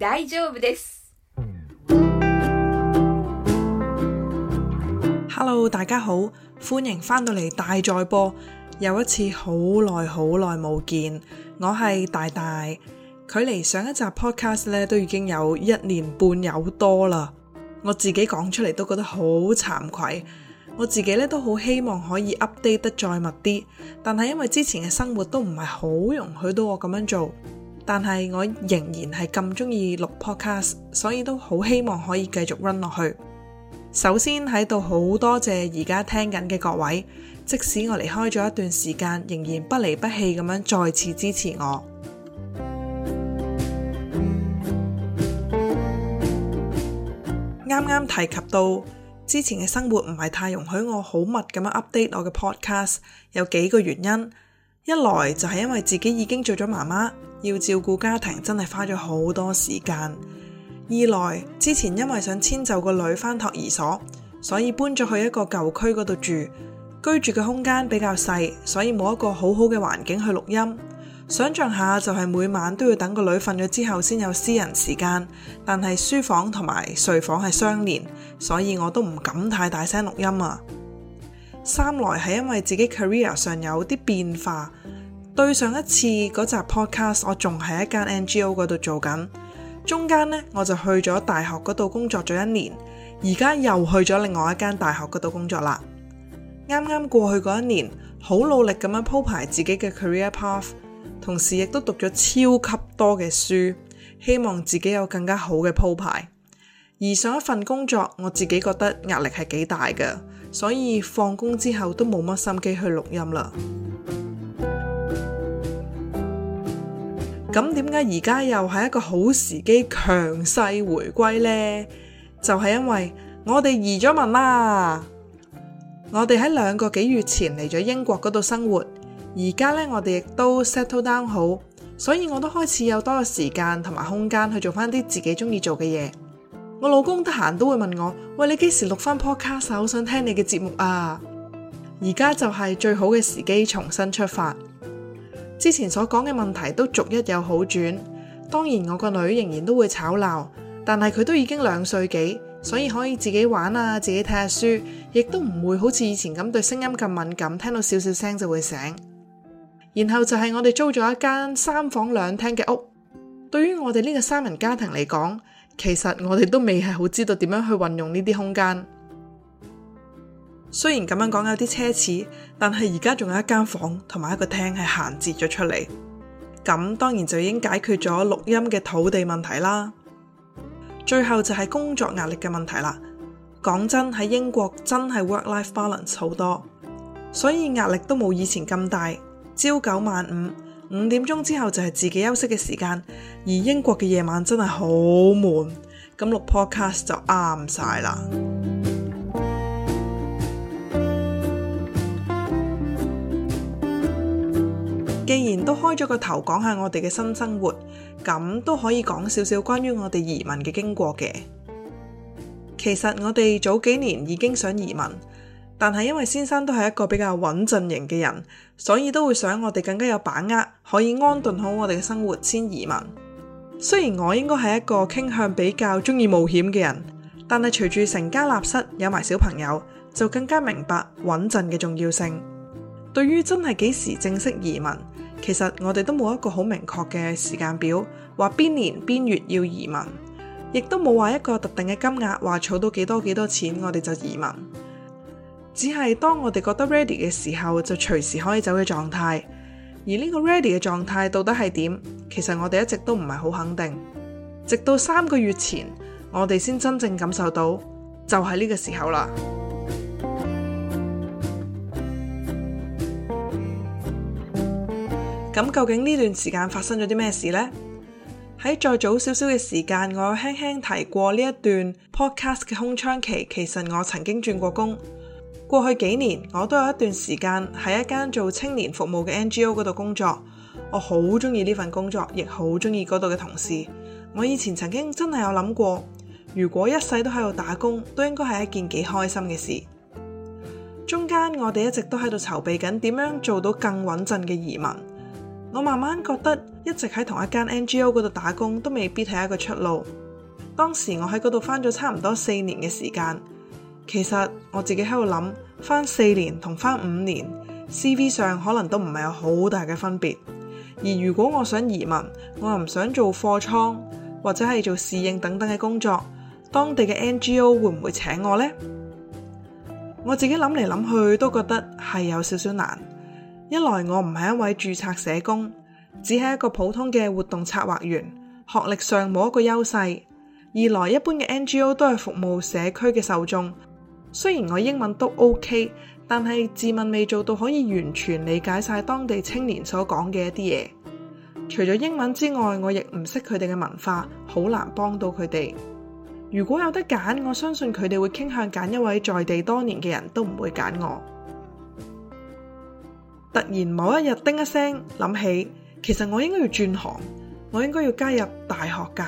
大丈夫です。Hello，大家好，歡迎翻到嚟大再播，又一次好耐好耐冇見，我係大大，距離上一集 podcast 咧都已經有一年半有多啦，我自己講出嚟都覺得好慚愧，我自己咧都好希望可以 update 得再密啲，但係因為之前嘅生活都唔係好容許到我咁樣做。但係我仍然係咁中意錄 podcast，所以都好希望可以繼續 run 落去。首先，喺度好多謝而家聽緊嘅各位，即使我離開咗一段時間，仍然不離不棄咁樣再次支持我。啱啱 提及到之前嘅生活唔係太容許我好密咁樣 update 我嘅 podcast，有幾個原因，一來就係因為自己已經做咗媽媽。要照顧家庭真係花咗好多時間。二來之前因為想遷就個女返托兒所，所以搬咗去一個舊區嗰度住，居住嘅空間比較細，所以冇一個好好嘅環境去錄音。想象下就係每晚都要等個女瞓咗之後先有私人時間，但係書房同埋睡房係相連，所以我都唔敢太大聲錄音啊。三來係因為自己 career 上有啲變化。對上一次嗰集 podcast，我仲喺一間 NGO 嗰度做緊，中間呢，我就去咗大學嗰度工作咗一年，而家又去咗另外一間大學嗰度工作啦。啱啱過去嗰一年，好努力咁樣鋪排自己嘅 career path，同時亦都讀咗超級多嘅書，希望自己有更加好嘅鋪排。而上一份工作，我自己覺得壓力係幾大嘅，所以放工之後都冇乜心機去錄音啦。咁點解而家又係一個好時機強勢回歸呢？就係、是、因為我哋移咗民啦，我哋喺兩個幾月前嚟咗英國嗰度生活，而家呢，我哋亦都 settle down 好，所以我都開始有多嘅時間同埋空間去做翻啲自己中意做嘅嘢。我老公得閒都會問我，喂，你幾時錄翻 podcast？好、啊、想聽你嘅節目啊！而家就係最好嘅時機，重新出發。之前所講嘅問題都逐一有好轉，當然我個女仍然都會吵鬧，但係佢都已經兩歲幾，所以可以自己玩啊，自己睇下書，亦都唔會好似以前咁對聲音咁敏感，聽到少少聲就會醒。然後就係我哋租咗一間三房兩廳嘅屋，對於我哋呢個三人家庭嚟講，其實我哋都未係好知道點樣去運用呢啲空間。雖然咁樣講有啲奢侈，但係而家仲有一間房同埋一個廳係閒置咗出嚟，咁當然就已經解決咗錄音嘅土地問題啦。最後就係工作壓力嘅問題啦。講真喺英國真係 work-life balance 好多，所以壓力都冇以前咁大。朝九晚五，五點鐘之後就係自己休息嘅時間，而英國嘅夜晚真係好悶，咁錄 podcast 就啱晒啦。既然都開咗個頭，講下我哋嘅新生活，咁都可以講少少關於我哋移民嘅經過嘅。其實我哋早幾年已經想移民，但係因為先生都係一個比較穩陣型嘅人，所以都會想我哋更加有把握，可以安頓好我哋嘅生活先移民。雖然我應該係一個傾向比較中意冒險嘅人，但係隨住成家立室，有埋小朋友，就更加明白穩陣嘅重要性。對於真係幾時正式移民？其實我哋都冇一個好明確嘅時間表，話邊年邊月要移民，亦都冇話一個特定嘅金額，話儲到幾多幾多錢我哋就移民。只係當我哋覺得 ready 嘅時候，就隨時可以走嘅狀態。而呢個 ready 嘅狀態到底係點？其實我哋一直都唔係好肯定，直到三個月前，我哋先真正感受到，就係呢個時候啦。咁究竟呢段時間發生咗啲咩事呢？喺再早少少嘅時間，我有輕輕提過呢一段 Podcast 嘅空窗期。其實我曾經轉過工，過去幾年我都有一段時間喺一間做青年服務嘅 NGO 嗰度工作。我好中意呢份工作，亦好中意嗰度嘅同事。我以前曾經真係有諗過，如果一世都喺度打工，都應該係一件幾開心嘅事。中間我哋一直都喺度籌備緊，點樣做到更穩陣嘅移民。我慢慢覺得一直喺同一間 NGO 嗰度打工都未必係一個出路。當時我喺嗰度翻咗差唔多四年嘅時間，其實我自己喺度諗，翻四年同翻五年，CV 上可能都唔係有好大嘅分別。而如果我想移民，我又唔想做貨倉或者係做侍應等等嘅工作，當地嘅 NGO 會唔會請我呢？我自己諗嚟諗去都覺得係有少少難。一來我唔係一位註冊社工，只係一個普通嘅活動策劃員，學歷上冇一個優勢。二來一般嘅 NGO 都係服務社區嘅受眾，雖然我英文都 OK，但係自問未做到可以完全理解晒當地青年所講嘅一啲嘢。除咗英文之外，我亦唔識佢哋嘅文化，好難幫到佢哋。如果有得揀，我相信佢哋會傾向揀一位在地多年嘅人，都唔會揀我。突然某一日，叮一聲諗起，其實我應該要轉行，我應該要加入大學界。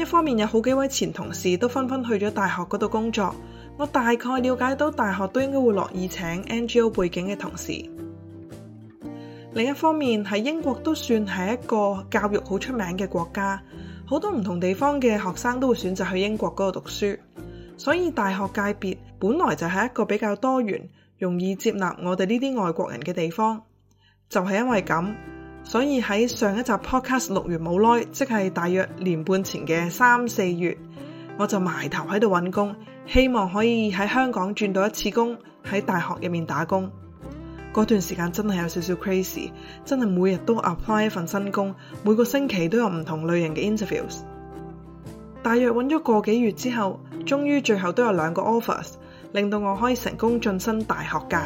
一方面有好幾位前同事都紛紛去咗大學嗰度工作，我大概了解到大學都應該會樂意請 NGO 背景嘅同事。另一方面，喺英國都算係一個教育好出名嘅國家，好多唔同地方嘅學生都會選擇去英國嗰度讀書，所以大學界別本來就係一個比較多元，容易接納我哋呢啲外國人嘅地方，就係因為咁，所以喺上一集 podcast 錄完冇耐，即係大約年半前嘅三四月，我就埋頭喺度揾工，希望可以喺香港轉到一次工，喺大學入面打工。嗰段時間真係有少少 crazy，真係每日都 apply 一份新工，每個星期都有唔同類型嘅 interviews。大約揾咗個幾月之後，終於最後都有兩個 office。令到我可以成功晉身大學界。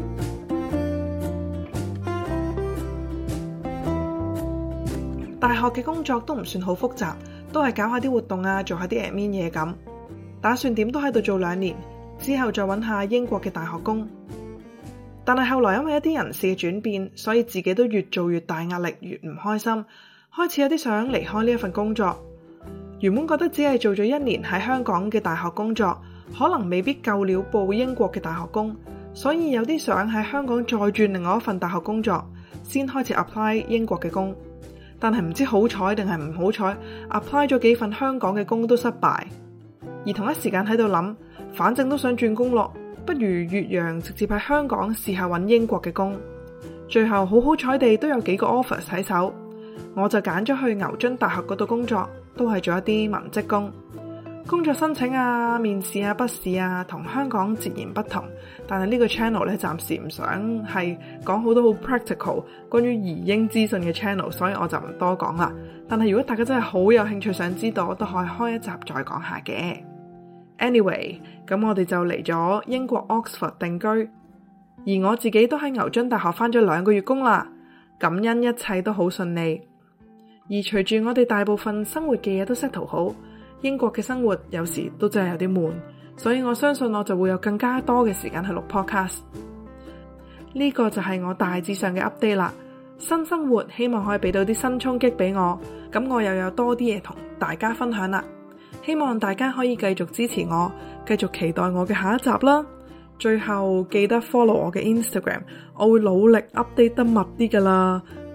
大學嘅工作都唔算好複雜，都係搞下啲活動啊，做下啲 admin 嘢咁。打算點都喺度做兩年之後，再揾下英國嘅大學工。但係後來因為一啲人事嘅轉變，所以自己都越做越大壓力，越唔開心，開始有啲想離開呢一份工作。原本覺得只係做咗一年喺香港嘅大學工作，可能未必夠料報英國嘅大學工，所以有啲想喺香港再轉另外一份大學工作，先開始 apply 英國嘅工。但係唔知好彩定係唔好彩，apply 咗幾份香港嘅工都失敗，而同一時間喺度諗，反正都想轉工咯，不如越洋直接喺香港試下揾英國嘅工。最後好好彩地都有幾個 offer 喺手，我就揀咗去牛津大學嗰度工作。都係做一啲文職工，工作申請啊、面試啊、筆試啊，同香港截然不同。但係呢個 channel 咧，暫時唔想係講好多好 practical 關於移英資訊嘅 channel，所以我就唔多講啦。但係如果大家真係好有興趣想知道，都可以開一集再講下嘅。Anyway，咁我哋就嚟咗英國 Oxford 定居，而我自己都喺牛津大學翻咗兩個月工啦，感恩一切都好順利。而隨住我哋大部分生活嘅嘢都 settle 好，英國嘅生活有時都真係有啲悶，所以我相信我就會有更加多嘅時間去錄 podcast。呢個就係我大致上嘅 update 啦。新生活希望可以俾到啲新衝擊俾我，咁我又有多啲嘢同大家分享啦。希望大家可以繼續支持我，繼續期待我嘅下一集啦。最後記得 follow 我嘅 Instagram，我會努力 update 得密啲噶啦。